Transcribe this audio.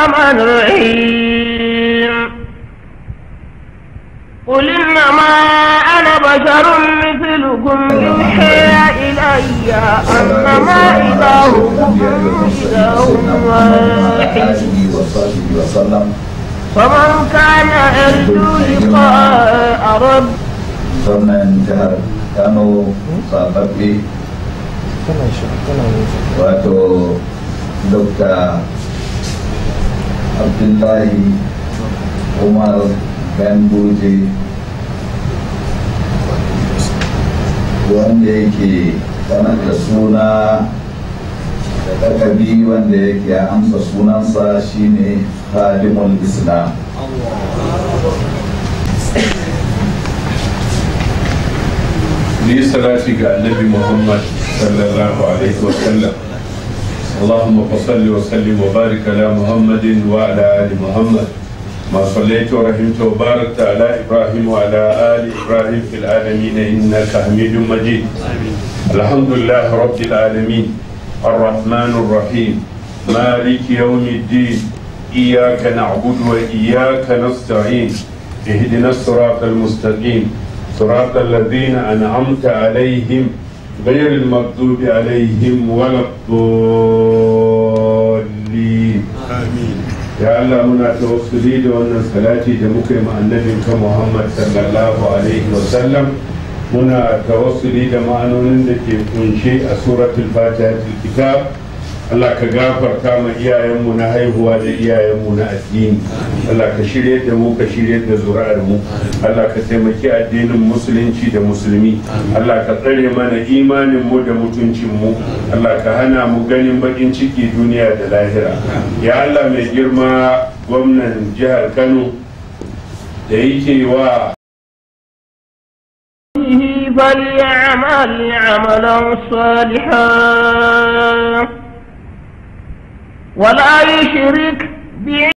الرحمن الرحيم قل إنما أنا بشر مثلكم يوحي إلي أنما إلهكم إله واحد فمن كان يرجو لقاء رب sannan jihar kano sababbi wato dokta abdullahi umar ganduje wanda yake sanar da suna da takabi wanda yake amsa sunansa shine khadimul islam ni salati ga annabi muhammad sallallahu alaihi wasallam اللهم صل وسلم وبارك على محمد وعلى ال محمد ما صليت ورحمت وباركت على ابراهيم وعلى ال ابراهيم في العالمين انك حميد مجيد الحمد لله رب العالمين الرحمن الرحيم مالك يوم الدين اياك نعبد واياك نستعين اهدنا الصراط المستقيم صراط الذين انعمت عليهم غير المغضوب عليهم ولا الضالين يا الله منا توصلي لنا صلاتي جمك مع النبي محمد صلى الله عليه وسلم منا توصلي لما انا نندك من سوره الفاتحه الكتاب Allah ka gafarta ma iyayenmu na haihuwa da iyayenmu na addini Allah ka shirye da mu ka shirye da zuri'ar mu Allah ka taimaki addinin musulunci da musulmi Allah ka tsare mana imanin mu da mutuncin mu Allah ka hana mu ganin bakin ciki duniya da lahira ya Allah mai girma gwamnan jihar Kano da yake wa فليعمل عملا صالحا ولا يشرك به